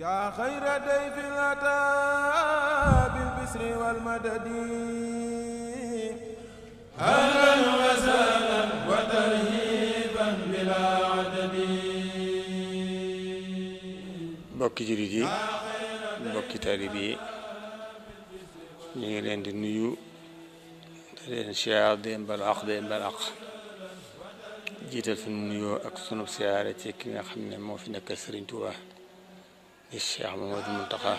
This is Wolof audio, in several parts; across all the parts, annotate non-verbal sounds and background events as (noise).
yaa xayra dayfin ataa bil bisri wal madadi ahlan wa sahlan wa tarhiban bilaa adadi mbokki jullit yi mbokki taalib yi ñu ngi leen di nuyu te leen siyaar deen bal aq deen bal aq jiital sunu nuyoo ak sunu siyaare ci ki nga xam ne moo fi nekk Sëriñ Tuubaa di cheikh mamadou muntaxa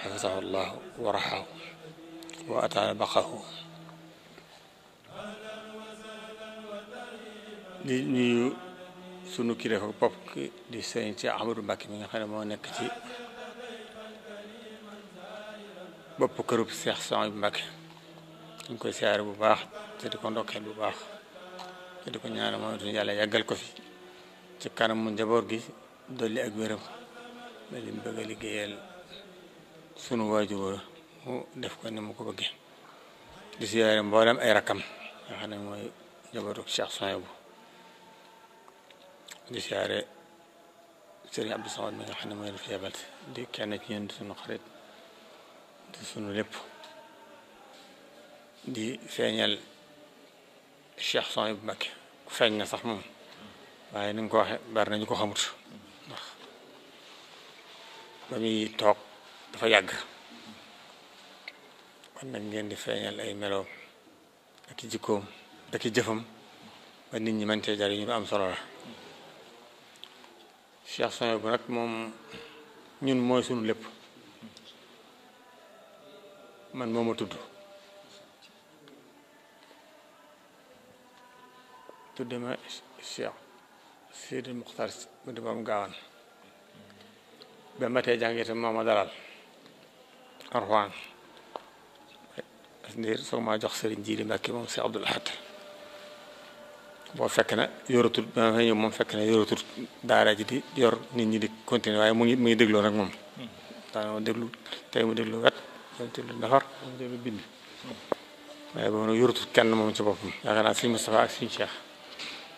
xafisahu llahu wa raxahu wa ataala baqahu di nuyu sunu kilifa bopp di sëriñ si Ahmadou Mbàkke mi nga xam ne moo nekk ci bopp kërub seex son bu Mbàkke ñu koy siyaare bu baax te di ko ndokkeel bu baax te di ko ñaanal moom itam yàlla yàggal ko fi ci kanam mu njaboot gi dolli ak wéram ba lim bëgg a liggéeyal sunu waajur wa mu def ko ni mu ko bëggee di siyaare mboolem ay rakkam nga xam ne mooy njabootu Cheikh Souhaïbou di siyaare Serigne Abdou Samad mi nga xam ne mooy def yebal di kenn ci ñun di sunu xarit di sunu lépp di feeñal Cheikh Souhaïbou Mbacké feeñ na sax moom waaye ni nga ko waxe bari nañu ko xamut ba muy toog dafa yàgg kon nag ngeen di feeñal ay meloom ak i jikkoom ak i jëfam ba nit ñi mën cee ñu lu am solo la Cheikh Sonia bu nag moom ñun mooy sunu lépp man moo ma tudd tudde ma Cheikh Sidi Muxtar ma di moom gaawaan ba matee jàng itam moo ma dalal arwaan ndiir soog maa jox sëriñ ji di mbàkki moom si Abdul Ahad boo fekk na yoratul ba ma ñëw moom fekk na yoratul daara ji di yor nit ñi di continuer waaye mu ngi mu ngi dégloo nag moom daanaka déglu tey mu déglu wet tey mu déglu nafar mu déglu bind waaye boobu nag yoratul kenn moom ci boppam yaakaar naa suñu Moustapha ak suñu Cheikh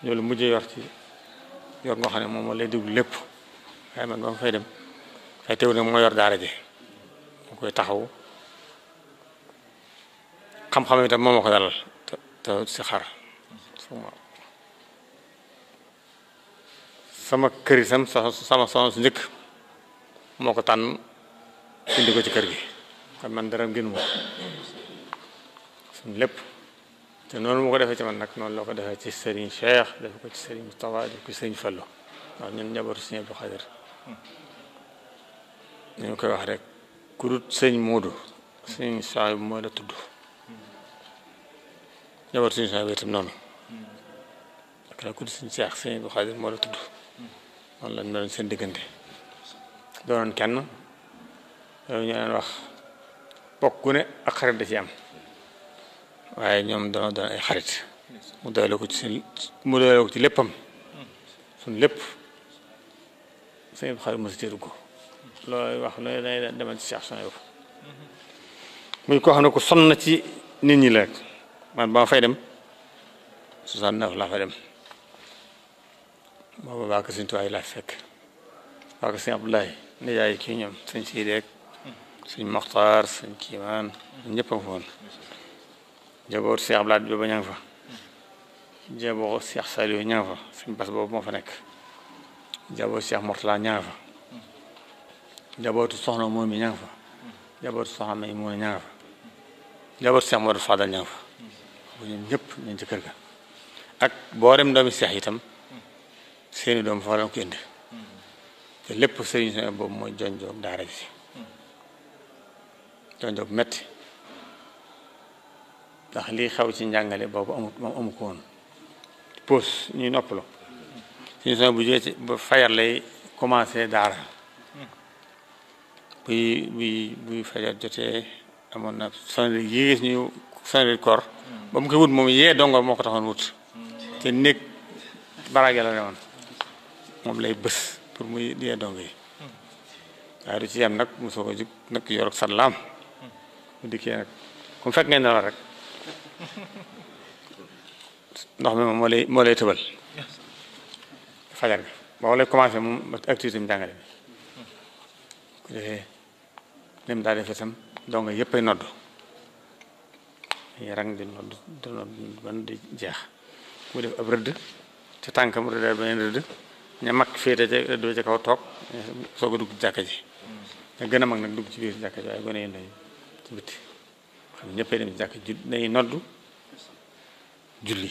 ñoo lu mujjee yor ci yor ngoo xam ne moom moo lay déglu lépp waaye man ba ma fay dem waaye teewul nag moo yor daara ji moo koy taxaw xam-xam itam moo ma ko dalal te te si xar sama kër yi sam sama soxna su njëkk moo ko tànn indi ko ci kër gi kon man dara gën moom suñ lépp te noonu moo ko defee ci man nag noonu loo ko defee ci sëriñ Cheikh def ko ci sëriñ Moustapha def ko ci sëriñ Fallou waaw ñun njaboot suñu Abdou Xadir ni ñu koy wax rek ku dut sëñ Moodu sëñ Saay bu mooy la tudd jabar sëñ Saay bi itam noonu ak la ku sëñ Seex sëñ bu Xaadir tudd lañ seen diggante doonoon kenn loolu ñu leen wax bokk gu ne ak xarit da ci am waaye ñoom doona doon ay xarit mu doole ko ci seen mu doole ko ci léppam suñ lépp sëñ bu Xaadir mosu ci dugg looy wax looy demal ci Cheikh Souhaïbou muy koo xam ne ku sonn ci nit ñi la rek man ba fay dem 69 laa fa dem booba waa Kër Sëñ Tuwaay laa fekk waa Kër Sëñ Abdoulaye nijaay kii ñoom sëñ Siidi rek Moxtaar sëñ Kiimaan ñëpp a foon jaboot Cheikh Abdoulaye booba ña nga fa jaboot Cheikh Saliou ña nga fa sëñ Bas boobu moo fa nekk jaboot Cheikh Mortala ña fa njabootu soxna moom mi ña nga fa njabootu soxna may mooy ña fa njabootu seex Moodu Fadal ña nga fa bu ñoom ñëpp ñu ci kër ga ak boorem doomi seex itam seeni doom fa la ko indi te lépp sëriñ sone metti ndax lii xaw ci njàngale boobu amut moom amu ko woon pause ñuy noppalu sëriñ sone bu jógee ci ba lay commencé daara bi bi buy fajar jotee amoon na sonal yi gis ñu sonal koor ba mu koy wut moom yee dongo moo ko taxoon wut te néeg baraage la ne woon moom lay bës pour muy yee dongo yi waaye du ci yem nag mu soog a jug nag yor ak mu dikkee nag comme fekk ngeen ne la rek ndox mi moom moo lay tëbal fajar bi boo lay commencé moom activité mu jàngale bi ni mu daa def itam dong yëpp ay nodd yarang di nodd di nodd ban di jeex mu def ab rëdd ca tànkam rëddaat beneen rëdd ña mag féete ca rëdd ba ca kaw toog soog a dugg jàkka ji nga gën a mag nag dugg ci biir jàkka ji ne ñëppay nodd julli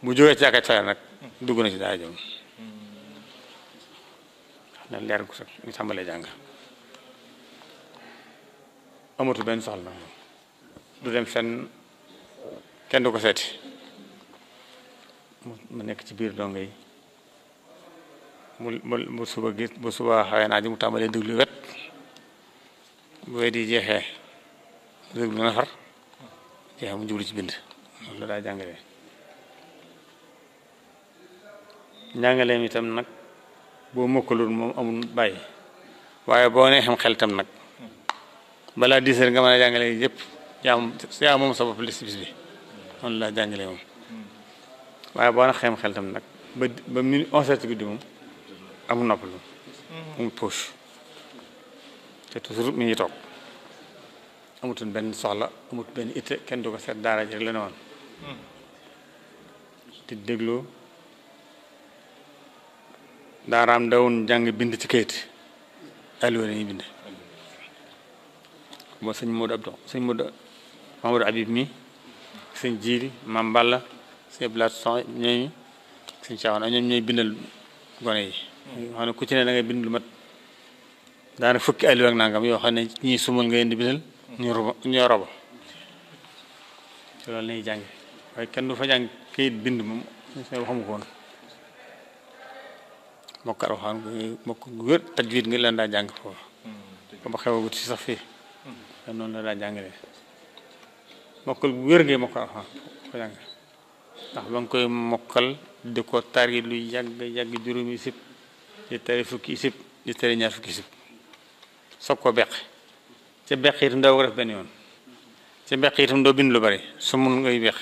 bu jógee ci jàkka ca nag dugg na ci daa jëm xam ne leer gu sax ñu tàmbalee jàng amatu benn soxla du dem fenn kenn du ko seeti mu nekk ci biir dongo yi mu mu suba gis bu suba xawee naa mu tàmbalee déglu wet bu wet yi jeexee déglu na jeexee mu jublu ci bind loolu daa jàngale njàngaleem itam nag boo mokkalul moom amul bàyyi waaye boo nee xel tam nag balaa dix nga mën a jàngale yëpp yaa moom yaa moom sa bopp li bis bi noonu laa jàngale moom waaye boo na xeem xel tam nag ba ba minu onze guddi moom amu noppalu mu puus te toujours mi ngi toog amutul benn soxla amutul benn itte kenn du seet daara ji rek la ne woon di daaraam dawun jàng bind ci kayit alluwa la ñuy bind moo sëñ Modou Abdou sëñ Modou Mamadou Habib mi sëñ Jiili Mam Balla sëñ Blaat Son ñooñu sëñ Caawana ñoom ñooy bindal gone yi xam ne ku ci ne da ngay bind lu mat daana fukki aliw ak nangam yoo nga du fa jàng bind moom seen waxamu ko mokk arwaxaan wér tajwid nga leen daa jàng foofu hmm. ba xewagut si sax fii te noonu la daa jàngale mokkal bu wér ngay mokkal alxuraan ko jàng ndax ba nga koy mokkal di ko tari lu yàgg yàgg juróomi sib di tari fukki sib di tari ñaar fukki sib soog ko beq ca beq itam doo ko def benn yoon ca beq itam doo bind lu bari su mun ngay beq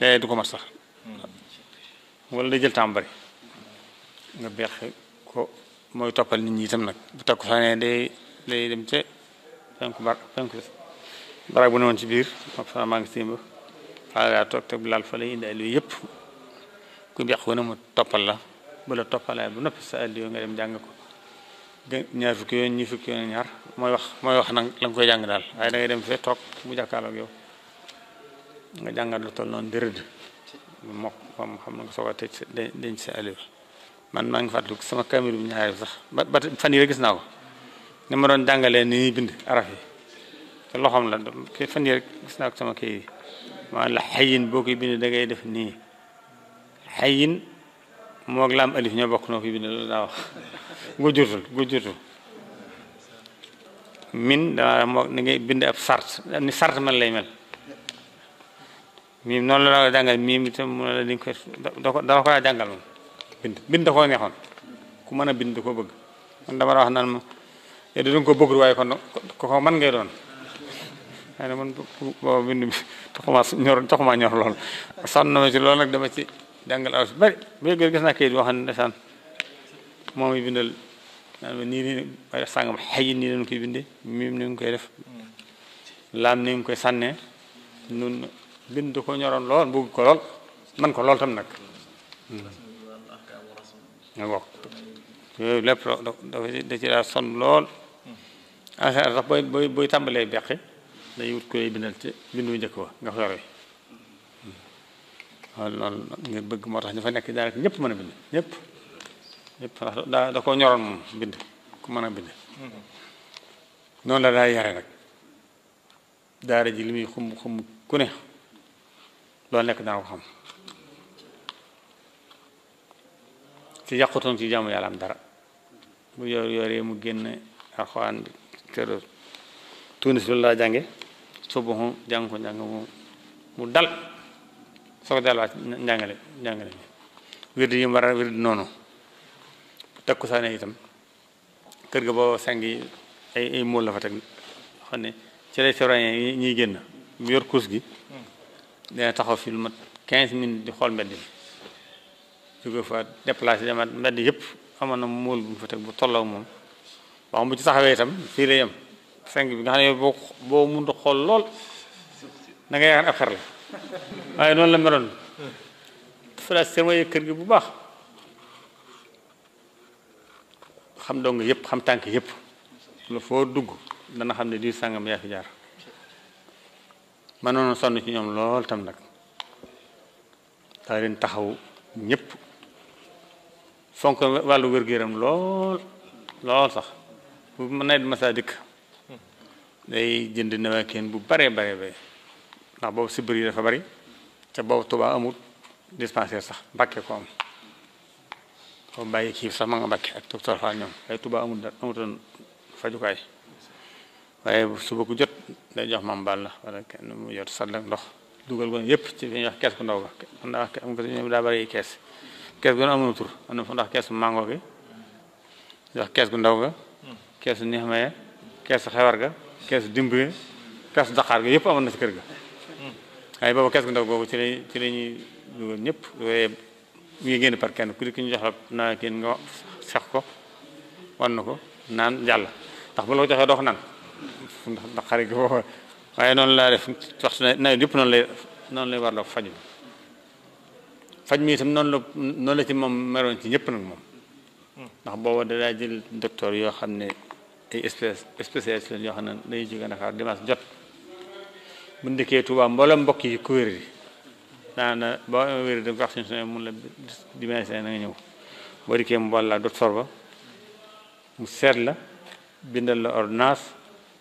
léeg du ko mat sax wala da jël temps bari nga beq ko mooy toppal nit ñi itam nag bu takku sax ne day dem ca penku bar penku barab bu ne woon ci biir moom sama maa ngi simb faa ngaa toog te laal fa lay indi ay yëpp ku yàq ko ne mu toppal la bu la toppalaay bu noppi sa àll nga dem jàng ko ñaar fukki yoon ñu fukki yoon ñaar mooy wax mooy wax nag la nga koy jàng daal waaye da dem fee toog mu jàkkaarloog yow nga jàngat lu toll noonu dërëd mokk moom xam na nga soog a tëj denc sa àll man maa ngi fàttaliku sama caméra bi ñaareel sax ba ba fan yii gis naa ko. ni ma doon jàngalee ni ñuy bind araf yi te loxoom la kii fan yii gis naa ko sama kii yi maanaam la xayin boo koy bind da def nii xayin moog laam alif ñoo bokk noo koy bind loolu daa wax bind ab sart ni sart man lay mel miim noonu la la jàngal miim itam mu ne la di koy dala ko daa jàngal moom bind bind da koo neexoon ku mën a bind da koo bëgg man dama la naan ma yow eh, da nga ko bëggul waaye kon ko man ngay doon xëy na man booba bind bi taxuma ñor lool sonn na ma ci loolu nag dama ci jàngal aw si bari bu moom yi bindal naan nii nii waaye koy bindee miim def sànnee nun bind ko ñoroon lool bëgg ko lool man ko lool tam nag hmm. nga bokk lépp da ci daa sonn lool alxames sax booy booy booy tàmbalee beqi day wut ku bindal ci bindu njëkk ba nga ko yore waaw loolu ngir bëgg moo tax ñu fa nekk daanaka ñëpp mën a bind ñëpp daa da koo ñoroon moom bind ku mën a bind hmm. noonu la daa yare nag daara ji li muy xum xum ku ne loolu nekk daa ko xam ci yàqutoon ci jaamu yàlla am dara bu yor yoree mu génn alxuraan bi keroog Tunis loolu laa jànge ko njàng mu dal soo ko delluwaat njàngale njàngale mi wird yi mu war a wird noonu takkusaane itam kër ga boo sang ay ay la fa teg xam ne ci lay sewrañee yi ñuy génn mu yor course gi dana taxaw fi lu mat quinze minutes di xool mbedd mi jóge fa déplacé demaat mbedd yëpp amoon na mool bu fa teg bu tolloog moom waxam bu ci taxawee itam fii lay am fenk bi nga xam ne boo boo mënut a xool lool da nga yaakaar ab xar la waaye noonu la meloon kër gi bu baax xam yëpp xam tànk yëpp la foo dugg dana xam ne di sàngam yaa fi jaar mënoon sonn ci ñoom lool tam nag daa leen taxaw ñëpp fonk wàllu wér-gu-yaram lool lool sax bu nawet masaa dikk day jënd nawakeen bu bare bare bare ndax boobu sibir yi dafa bari te boobu Tuubaa amul dispensaire sax Mbàkke ko am boo bàyyi kii sax ma nga Mbàkke ak docteur Fall ñoom waaye fajukaay waaye suba ku jot day jox mam bal la wala kenn mu jot sàll ndox dugal ko yëpp ci fi ñuy wax kees ku ndaw ga ndax am nga ñoom fu ndax kees bu màngoo gi jox kees gu ndaw ga keesu neex maye keesu xewar ga keesu dimbire keesu daqaar ga yëpp amoon na ci kër ga waaye boobu kees gu ndaw googu ci la ci la ñuy dugal mu ngi génn par kenn ku di ki ñu jox la ko wan na ko naan jàll ndax bu la ko joxee doo ko naan ndax xarit gi boobu waaye noonu laa def wax nawet yëpp noonu lay noonu lay warloo faj bi faj mi itam noonu la noonu la ci moom meroon ci ñëpp nag moom ndax booba da jël docteur yoo xam ne ay spécialiste lañ yoo xam ne dañuy jóge Dakar dimanche jot bu ndikkee Touba mboolem mbokk yi ku wér di daana boo amee wér di ko wax suñu mun la dimanche na nga ñëw boo dikkee mbool la docteur ba mu seet la bindal la ordonnance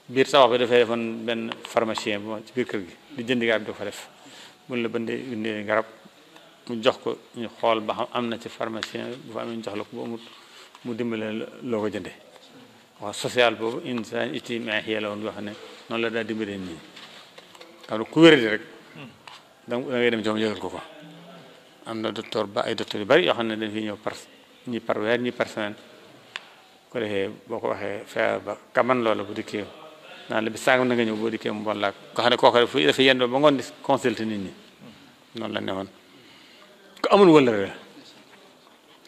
biir sa wax bi dafay defoon benn pharmacien bu ci biir kër gi di jënd garab di la bëndee bindee garab mu jox ko ñu xool ba xam am na ci pharmacien bu fa amee jox la ko bu amut mu dimbale loo ko jëndee wax social boobu insaan ijtimaahiya la woon yoo xam ne noonu la daal dimbalee nii xam ne ku wéradi rek da dem joom yëgal ko ko am na docteur ba ay docteur yu bari yoo xam ne dañ fi ñëw par ñi par weer ñi par ko defee boo ko waxee feebar ba kaman loola bu dikkee naan la bi sàngam na nga ñëw boo dikkee mu bon laak nga xam ne kooku fu dafa yendoo ba ngoon di consulter nit ñi la ne woon ku amul wëllëre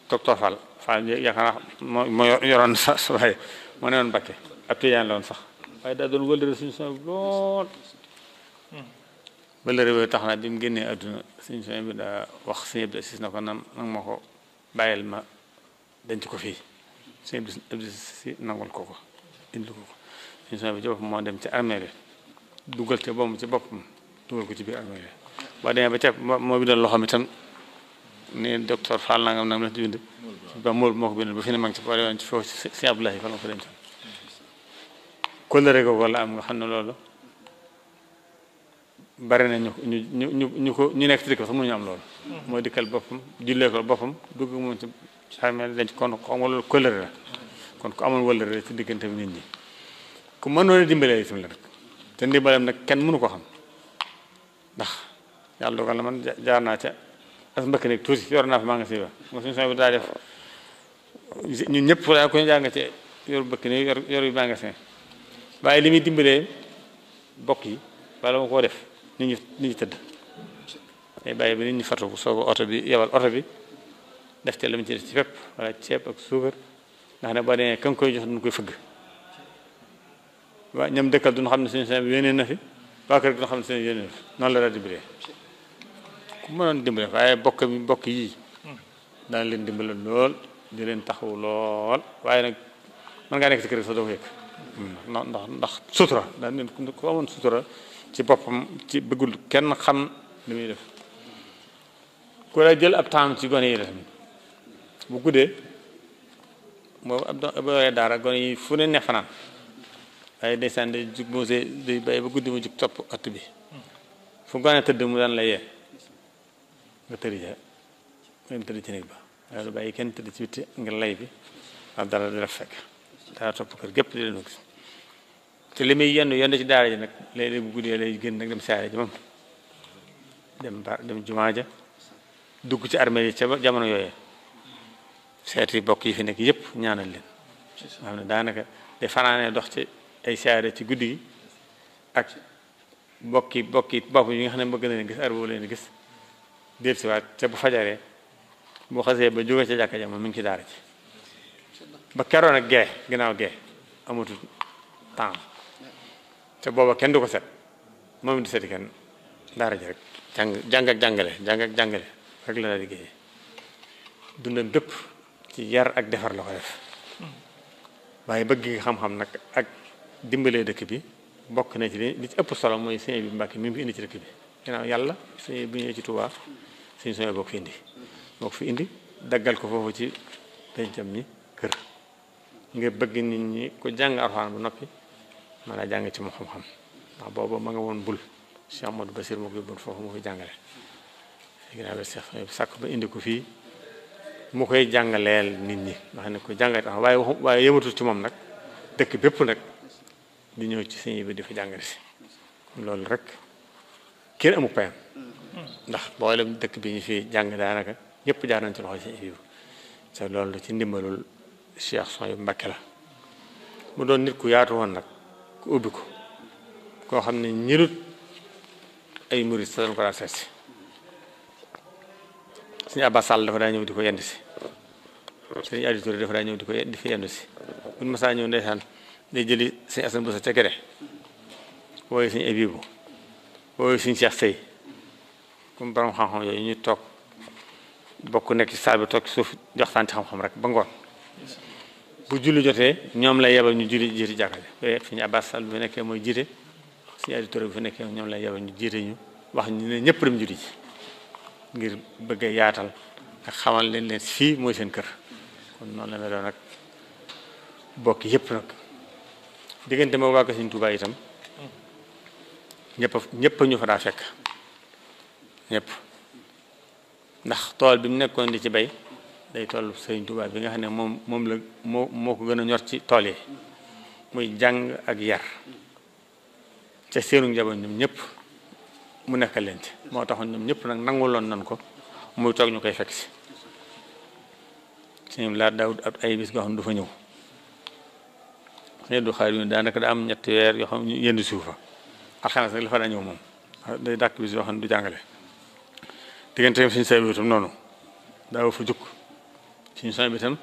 docteur Fall Fall yaakaar naa moo yoroon sa waaye moo ne woon Mbakke ab tijaan la woon sax waaye daa doon wëllëre suñu son bi lool wëllëre boobu tax na bi mu génnee àdduna suñu son bi daa wax suñu Abdou Aziz na ko nan ma ko bàyyil ma denc ko fii suñu Abdou Aziz nangul ko ko indil bi ci boppam moo dem ci armée bi dugal te boobu ci boppam dugal ko ci biir armée boo demee ba ca moo bi doon loxoom itam ne docteur Fall nangam nangam la ci bind ba mool moo ko bind ba fi ne ma ci pare woon ci ko dencoon kóllëre am nga xam ne loolu bari na ñu ñu ñu ñu ko ñu nekk ci dëkk sax mënuñu am loolu mooy dikkal boppam jullee ko boppam dugg moom ci xamel denc kon xam loolu kóllëre la kon ku amoon wëllëre la ci diggante bi nit ñi ku mën a dimbalee itam la nag te ndimbalam nag kenn mënu ko xam ndax yàlla dogal na man jaar naa ca as mbëkk nekk tuuti yor naa fa maa nga si ba mo suñu son bi daa def ñun ñëpp daa ko ñu jàng ci yor bëkk ne yor yor bi magasin waaye li muy dimbalee bokk yi bala ma koo def nit ñi nit ñi tëdd day bàyyi ba nit ñu fatu sooba oto bi yebal oto bi def te la mu ci def ci fépp wala ceeb ak suukar nga ne boo demee ka koy jox duñ koy fëgg waa ñoom dëkkal duñu xam ne suñu son bi yónnee na fi waa kër gi duñu xam ne suñu yónnee na fi noonu la daa ku mënoon dimbale waaye bokk mi bokk yii daan leen dimbale lool di leen taxaw lool waaye nag mën ngaa nekk si kër sax doo ko yëg ndax ndax sutura daan leen ku amoon sutura ci boppam ci bëggul kenn xam lu muy def ku la jël ab temps ci gone yi la bu guddee moom ab doole daara gone yi fu ne ne fanaan waaye ndeysaan day jug mose day bàyyi ba guddi mu jug topp ëtt bi fu gone tëdd mu daan la yee nga tëri ca nga tëri ci néeg ba daal bàyyi kenn tëdd ci witti ngir lay bi ak dara di la fekk daa topp kër gépp di leen gis te li muy yenn yenn ci daara ji nag léeg-léeg bu guddee lay génn nag dem saare ji moom jumaa ja dugg ci armée yi ca jamono yooyee seeti bokk yi fi nekk yëpp ñaanal leen nga xam ne daanaka day fanaanee dox ci ay saare ci guddi gi ak bokki bokki bopp yi nga xam ne bëgg na leen gis ar boo leen gis déet si waat te bu fajaree boo xasee ba jóge ca jàkka ja moom ngi ci daara ci ba keroon nag gee ginnaaw gee amatul temps te booba kenn du ko set moom di seti kenn daara ji rek jàng jàng ak jàngale jàng ak jàngale rek la daa liggéeyee dundam bépp ci yar ak defar la ko def waaye bëgg xam-xam nag ak dimbalee dëkk bi bokk na ci li li ci ëpp solo mooy sëñ bi Mbàkke mi ngi indi ci dëkk bi ginnaaw yàlla sëñ bi ñëwee ci Tuubaa suñu sooy bokk fi indi bokk fi indi daggal ko foofu ci pencam mi kër ngir bëgg nit ñi ko jàng Alxuraan bu noppi mën a jàng ci mu xam-xam ndax booba ma nga woon bul Cheikh Amadou Basir moo ko yóbboon foofu mu fi jàngale ginnaaw bi ba indi ko fii mu koy jàngaleel nit ñi ndax ne ko jàngale waaye waxu waaye yëmatul ci moom nag dëkk bépp nag di ñëw ci sëñ bi di fa jàngale si loolu rek kenn amu payam ndax mboolem dëkk bi ñu fi jàng daanaka ñëpp jaar ci loxo si Abibu te loolu ci ndimbalul Cheikh Souhaïbou Mbacké la mu doon nit ku yaatu woon nag ku ubbi ko koo xam ne ñirut ay murit sa doon ko daan seet si suñu Abba Sall dafa daa ñëw di ko yend si suñu Adi Touré dafa daa ñëw di ko yend si buñ ñëw ndeysaan day jëli suñu Asan Buso ca Abibu wooyu suñu Cheikh Sey comme borom xam-xam yooyu ñu toog bokk nekk ci saal bi toog ci suuf jox waxtaan ci xam-xam rek ba ngoon bu julli jotee ñoom la yebal ñu julli jiite jàkka ji yooyu fi ñu Abbas Sall bu nekkee mooy jiite suñu auditeurs bu fi nekkee ñoom la yebal ñu jiite ñu wax ñu ne ñëpp dem julli ngir bëgg yaatal nga leen leen fii mooy seen kër kon noonu la bokk yëpp nag diggante ma waa ko Sëñ Tuubaa ñëpp ñëpp ñu fa daa fekk. ñëpp ndax tool bi mu nekkoon di ci bay day toll Sëriñ tubaab bi nga xam ne moom moom la moo moo ko gën a ñor ci tool yi muy jàng ak yar ca seenu njaboot ñoom ñëpp mu nekk leen ci moo taxoon ñoom ñëpp nag nanguloon nan ko muy toog ñu koy fekk si suñu laa daawut ab ay bis nga xam ne du fa ñëw du xaar daanaka da am ñetti weer yoo xam ñu yënd suufa alxames nag la fa daa ñëw moom day dàkk bis yoo xam ne du jàngale digganteem suñu saa yu itam noonu daaw fa jukk suñu saa yu itam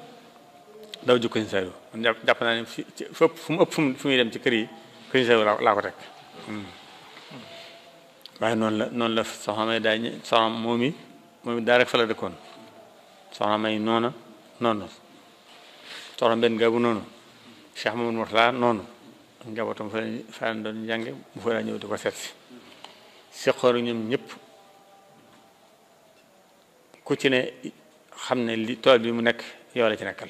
daaw jàpp naa ne fi ëpp fu mu ëpp fu muy dem ci kër yi kër yi laa ko teg hmm. waaye noonu la noonu la soxna May daa ñë soxna moom yi moom it daa rek fa la dëkkoon soxna May noona noonu soxna benn gaabu noonu Cheikh Mamadou Mourtala noonu njabootam fa la fa doon fa daa ñëw di ko seet si xool ñoom ñëpp. ku ci ne xam ne li tool bi mu nekk yow la ci nekkal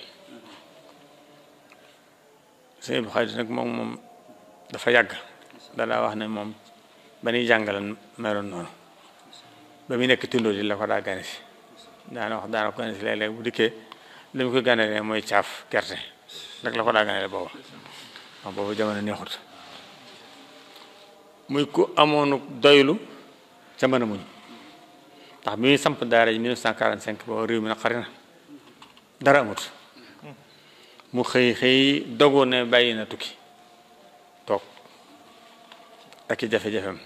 sëñ bi nag moom moom dafa yàgg danaa wax ne moom ba nuy jàngalan meloon noonu ba muy nekk tundoo di la ko daa gane si daana wax daana ko gane si léeg-léeg bu dikkee li mu ko ganelee mooy caaf gerte rek la ko daa ganelee booba wax boobu jamono neexut muy ku amoonu doylu ca mën a muñ ndax bi samp daara ji 1945 ba réew mi na xari na dara amut mu xëy xëy dogoon ne bàyyi na tukki toog ak i jafe-jafem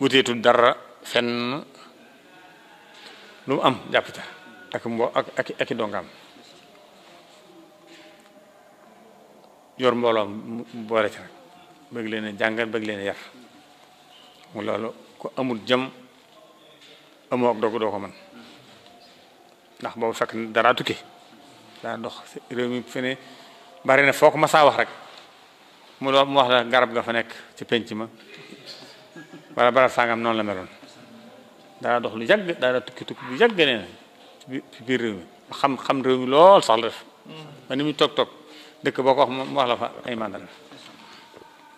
wuteetu dara fenn lu mu am jàpp ca ak mbo ak ak ak i dongaam yor mbooloom boole ci bëgg leen a jàngal bëgg leen a yar mu loolu ko amul jëm amoo ak dogu doo ko mën ndax boobu fekk dara tukki daa dox réew mi fi ne bari na foo ko masaa wax rek mu doon wax garab nga nekk ci penc ma wala bara la meloon dox lu yàgg daa xam xam réew mi lool ni muy toog toog dëkk boo ko wax mu wax la fa ay mandal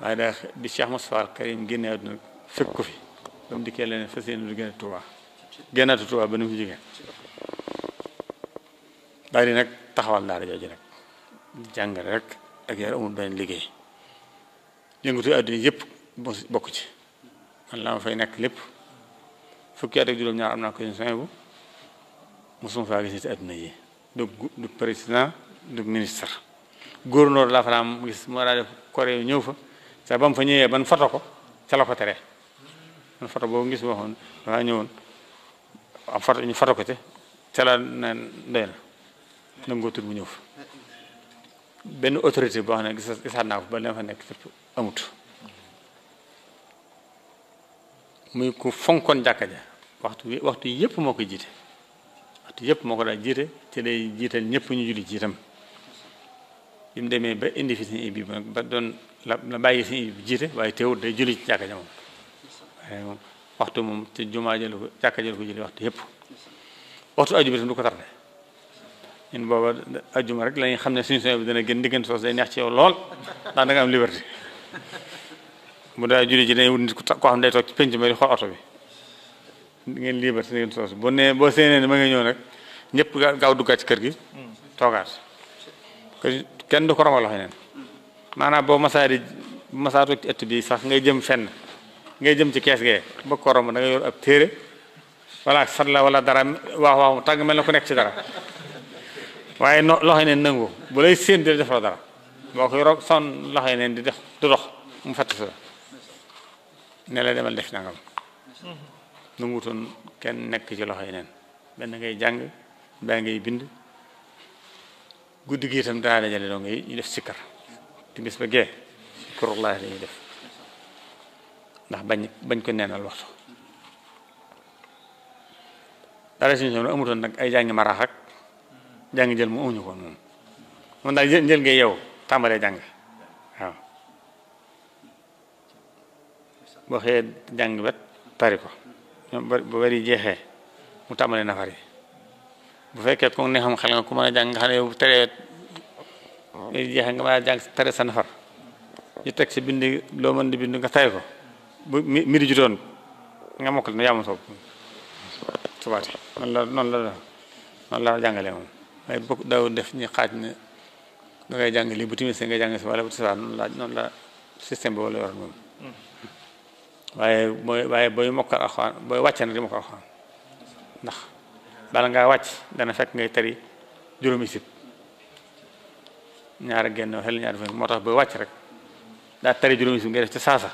waaye daa bi Cheikh Moustapha Karim génne àdduna fekk ko fi ba dikkee leneen fas yéene du gën a génnaatu Tuubaa ba ni mu fi jógee di nag taxawal daara jooju rek jàngale rek ak yar amul benn liggéey yëngatu àdduna yëpp ci man nekk lépp fukki at ak juróom-ñaar am naa ko sin bu mosuma faa gis nit àdduna yi du du président du ministre gouverneur laa fa am gis moo daa def ñëw fa sax ba mu fa ñëwee ban foto ko ca la ko tere man foto boobu ngis waxoon dafaa ñëwoon am fata ñu fata ko ci ca la ne na nangoo tur mu ñëw fa benn autorité boo xam ne gisaat naa ko ba dama fa nekk surtout amut muy ku fonkoon jàkka ja waxtu wi waxtu yëpp moo ko jiite waxtu yëpp moo ko daa jiite ci lay jiital ñëpp ñu julli jiitam bi mu demee ba indi fi seen ibi ba doon la bàyyi seen ibi jiite waaye teewul day julli ci jàkka ja moom waxtu moom ci jumaa jël ko jàkka jël ko jëli waxtu yëpp waxtu aju bi tam du ajuma rek la xam ne suñu sooy bi dana gën diggante soos day neex ci yow lool ndax da nga am liberté bu daa julli ji day wut nit ku koo xam day toog ci penc ma di xool oto bi di ngeen liberté di ngeen soos boo nee boo séenee ma nga ñëw ñëpp gaaw duggaat ci kër gi toogaat kenn du ko romal loxo neen maanaam boo masaa di masaa toog ci ëtt bi sax ngay jëm fenn ngay jëm ci kees gee ba ko romb da yor ab téere wala sat la wala dara waax waax mu tàng mel na ku nekk ci dara waaye no loxo neen nangu bu lay séen di def la dara boo ko yoroog son loxo neen di def du mu fàttali sa ne def nangam mm-hmm. nangutoon nekk ci loxo neen ngay jàng baa ngay bind guddi gi itam daa doo ngay ñu def sikkar timis ba gee sikarullah la ñuy def ndax bañ bañ ko neenal waxtu dara suñu soxla amutoon nag ay jàngi maraax ak jàngi jël mu amuñu ko moom moom daal jël njël ngay yow tàmbalee jàng waaw boo xëyee jàng bet tari ko bu bari jeexee mu tàmbalee nafar yi bu fekkee ku ne xam xel nga ku mën a jàng nga xam ne yow teree wari jeexee nga mën a jàng tere sa nafar ñu teg si bind loo mën di bind nga tay ko bu mi di jutoon nga mokkal na yaa ma soob subaati noonu la noonu la noonu la jàngale moom waaye bokk def ñu xaaj ne da ngay jàng lii bu timis ngay jàng si wala bu tisbaar noonu la noonu la système bi wala yoroon moom waaye booy waaye booy mokkal alxuraan booy wàcce na di mokkal alxuraan ndax bala ngaa wàcc dana fekk ngay tari juróomi sib ñaar génn xel ñaar moo tax booy wàcc rek daa tari juróomi sib ngay def ci saasa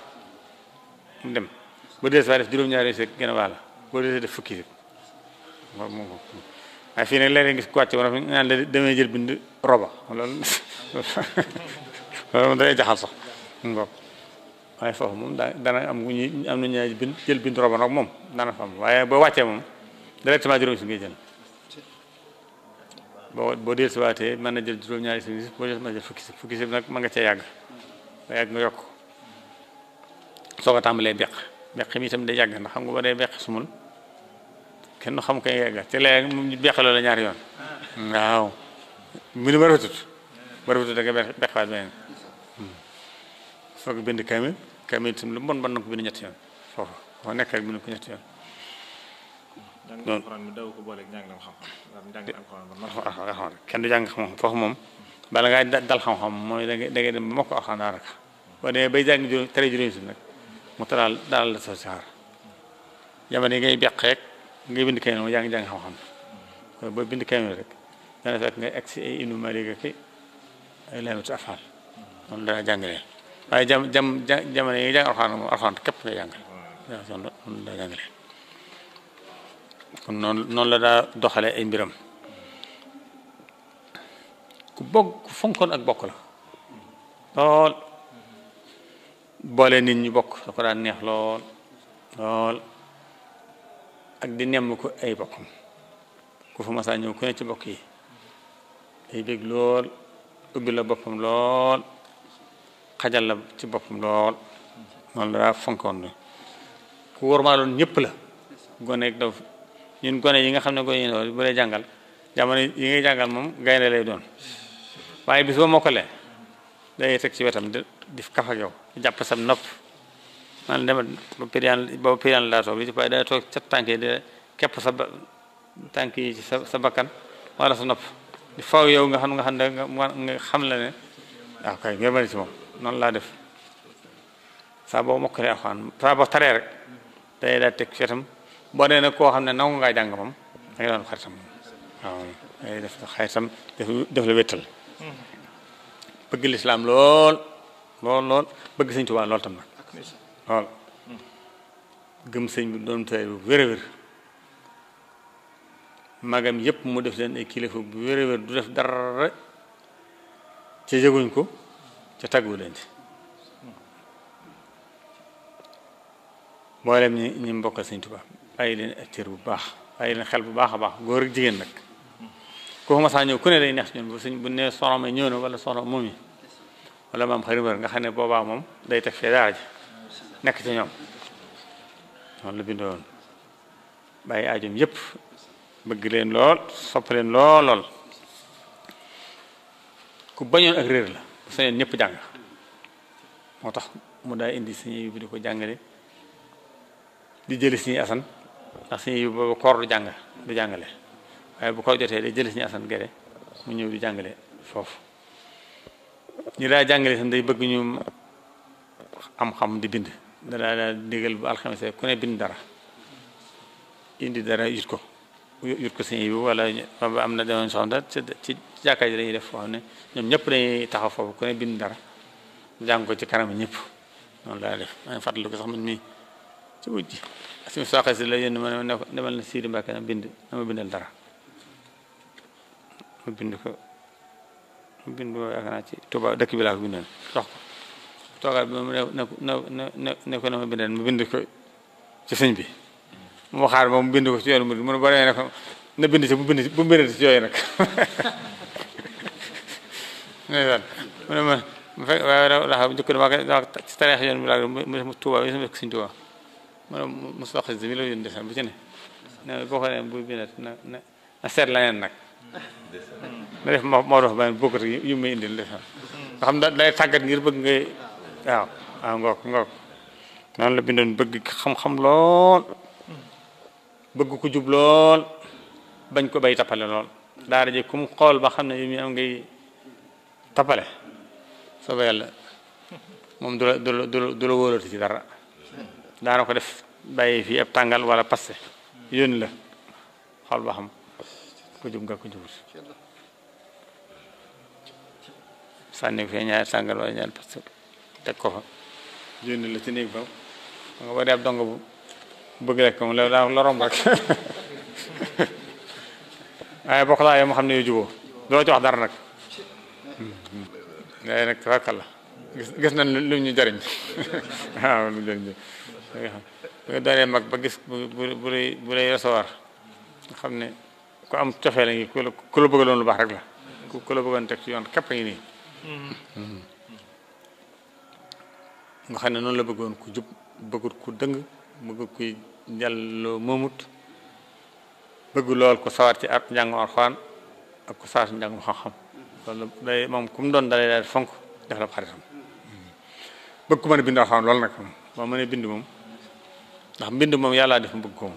mu dem bu dee saa def juróom-ñaari sëg gën a wàll fii nag léeg-léeg nga la jël bind roba loolu (laughs) loolu moom danay jaxal sax ngoog waaye foofu moom am gu am na ñaari bind jël bind moom dana waaye boo wàccee moom si ngay boo boo dellusiwaatee mën na jël juróom-ñaari si boo jël mën na jël fukki si fukki si nag mën nga cee yàgg ba yàgg nga yokk soo ko tàmbalee beq beq mi itam day yàgg ndax xam nga ba dee beq sumul kenn xam koy yàgg te léegi moom ñaari yoon waaw mu ne ba rafetut ba rafetut nga beqwaat soo ko bind kamil kamil itam lu mu bon na ko bind ñetti yoon foofu foo nekk rek ko ñetti yoon kenn du jàng moom bala ngaa dal xam-xam mooy da ngay da ngay dem ba mokk alxuraan daanaka boo demee bay jàng juróom tere juróomi mu taal daal la sa saar jamono yi ngay beq rek ngay bind kay noonu yaa ngi jàng xam-xam kon boo bind kay rek nga egg si ay Ibnu Malik ak ay Laamatu Afal noonu dana jàng leen waaye moom alxuraan képp ngay jàng noonu daa jàng leen kon noonu la daa doxale ay mbiram ku bokk fonkoon ak bokk la lool boole nit ñu bokk da ko daan neex lool lool ak di nemm ko ay bokkam ku fa masaa ñëw ku ne ci bokk yi day bég lool ubbi la boppam lool xajal la ci boppam lool noonu la daa fonkoon ne ku warmaaloon ñëpp la gone ak daf ñun gone yi nga xam ne ko yi bu dee jàngal jamono yi ngay jàngal moom gaynde lay doon waaye bis ba mokkale day teg ci wetam di kaf ak yow jàpp sam nopp man dema ba piriyaan booba piriyaan laa toog li ci pare daa toog sa tànk yi di kepp sa tànk yi ci sa sa bakkan wala sa nopp di faw yow nga xam nga xam ne nga xam la ne waaw kay nga mën ci moom noonu laa def saa boo mokkalee alxuraan saa boo taree rek day daa teg fetam boo nee nag koo xam ne nangu ngaa jàng moom da def xaritam def def la wéttal mm-hmm. bëgg lislaam lool lool lool bëgg sëñ Tuubaa lool tam nag lool gëm sëñ bi doon tay bu wér magam yépp mu def leen ay kilifa bu wér du def dara ca yëguñ ko ca tàggu leen ci mboolem ñi ñi mbokkal sëñ Tuubaa bàyyi leen ak bu baax bàyyi leen xel bu baax a baax góor ak jigéen nag kooku ma saa ñëw ku ne day neex ñun bu sëñ bu nee soxna ma ñëw na wala moom yi wala maam xarim nga xam ne boobaa moom day teg fee daara ji nekk ci ñoom noonu la bindoon bàyyi aajum yëpp bëgg leen lool sopp leen lool lool ku bañoon ak réer la sañoon ñëpp jàng moo tax mu daa indi suñu bi di ko jàngale di jëli suñu asan ndax suñu yu boobu koor du jàng du jàngale waaye bu koor jotee day jëli suñu asan gere mu ñëw di jàngale foofu ñu daa jàngale itam day bëgg ñu am xam di bind danaa daa digal bu bind dara indi dara yut ko yut ko sëñ bi wala am na demoon soxna ci jàkka ji dañuy def foo xam ne ñoom ñëpp dañuy taxaw foofu ku ne bind dara jàng ko ci kanam ñëpp noonu laa def maa ngi fàttaliku sax man mii ci wujj ji si la yéen ma ne demal na Sidi Mbacke na bind dama bindal dara ma bind ko mu bind boobu yaakaar ci Tuuba dëkk bi laa ko bindoon bi na ne ne ko na ma mu bind ko ci sëñ bi mu waxaar ma mu bind ko ci yoonu mu mu ne boo ne ko bind ci bu bind bu bind ci yooyu nag (laughs) mu ne man mu fekk waaye dafa njëkk dama bi laa mu Tuuba yi sama dëkk sëñ Tuuba mu ne mu soxis bi la yónni desam bu ci ne ne boo ko ne bu bindat na na seet la neen nag na def moo moo dox benn bokkut ak yu muy indil nga xam da day tàggat ngir bëgg ngay waaw waaw ngoog ngoog noonu la bindoon bëgg xam-xam lool bëgg ko jub lool bañ ko bay tappale lool daara xool ba xam ne yu moom du dara daana ko def bàyyi fii ab tàngal wala passe yónni la xool ba xam ko jub nga ko jubut sànni fee ñaar sàngal wala ñaar parce teg ko fa yónni la ci néeg ba nga bari ab dong bu bëgg rek moom la la romb rek waaye bokk laa yow ma xam ne yow juboo doo ci dara nag day nag rakkal la gis gis lu ñu jariñ waaw lu jariñ nga doonee mag ba gis bu bu bu lay recevoir nga xam ne ku am cofee la ngi ku la ku la bëggaloon lu baax rek la ku la bëggoon teg ci yoon képp a ngi nii mm-hmm. nga xam ne noonu la bëggoon ku jub bëggut ku dëng bëggut kuy njàlloo moomut bëgg lool ko sawar ci ab njàngum alxuraan ak ku sawar xam-xam loolu day moom ku doon dalee daal fonk def la xaritam mm-hmm. bëgg ku mën a bind alxuraan loolu nag moom moo mën bind moom ndax mbind moom yàllaa def mu bëgg ko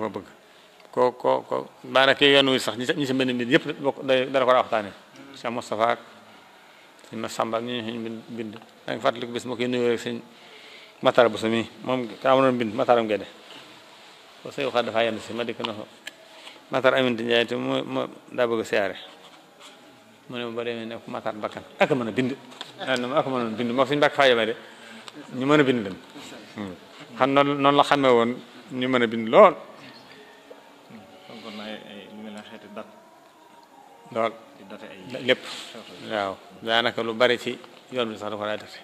moom bëgg ko ko ko daanaka yoon wi sax ñi si mbind mbind yëpp dana ko daa waxtaane Cheikh Moustapha ak sëñ Massamba ak bind bind da nga ma koy nuyoo mi moom kaa mënoon bind ma dikk na ko Matar Aminti Ndiaye mu ma daa bëgg siyaare mu ne ba demee ne ko ak mën a bind ma ak mën a bind moo suñu bàkk faa yemee de ñu mën a bind leen hmm. xam noonu noonu la xamee woon ñu mën a bind lool lool lépp waaw daanaka lu bari ci yoon bi sax da ko daa dote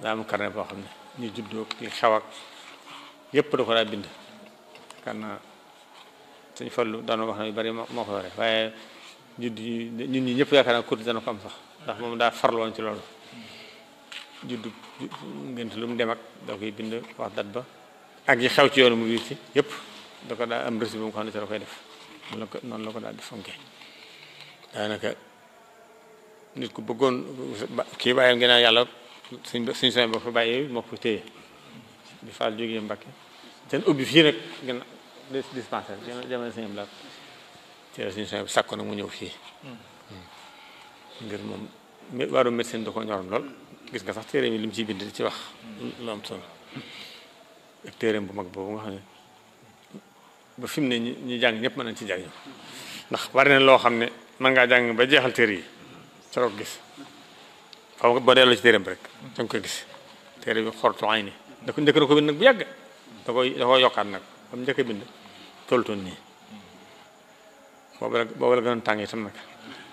daa am carnet boo xam ne ñu juddoo li xew yépp yëpp da ko daa bind kan suñ fallu daanu wax na yu bari moo ko yore waaye judd ñun ñi ñëpp yaakaar naa kurti ko ndax moom daa farloon ci loolu judd ngénte lu mu dem ak da koy bind wax dat ba ak yi xew ci yoonu mu biir ci yëpp da ko daa am rési bu mu ko xam ne ci la koy def noonu la ko daal di fonkee naka nit ku bëggoon kii bàyyam ginnaaw yàlla suñ suñ sooy boo fa bàyyi moo ko téye bi faal jógee Mbàkke ten ubbi fii nag gën a dispensaire jamono suñu blaat ci la suñu sooy bu nag mu ñëw fii hmm. ngir moom waaru médecine da ko ñoroon lool gis nga sax téere mi li ciy bind ci wax lu am solo ak téereem bu mag boobu nga xam ne ba fi mu ne ñi jàng ñëpp mën nañ ci jàng ndax war na loo xam ne mën ngaa jàng ba jeexal téer yi soo ko gis xaw boo delloo ci téereem rek da nga koy gis téere bi xortu ay ni da ko njëkk na ko bind nag bu yàgg da koy yokkaat nag ba mu njëkk a bind tollutoon nii boobu la boobu la gënoon tàng nag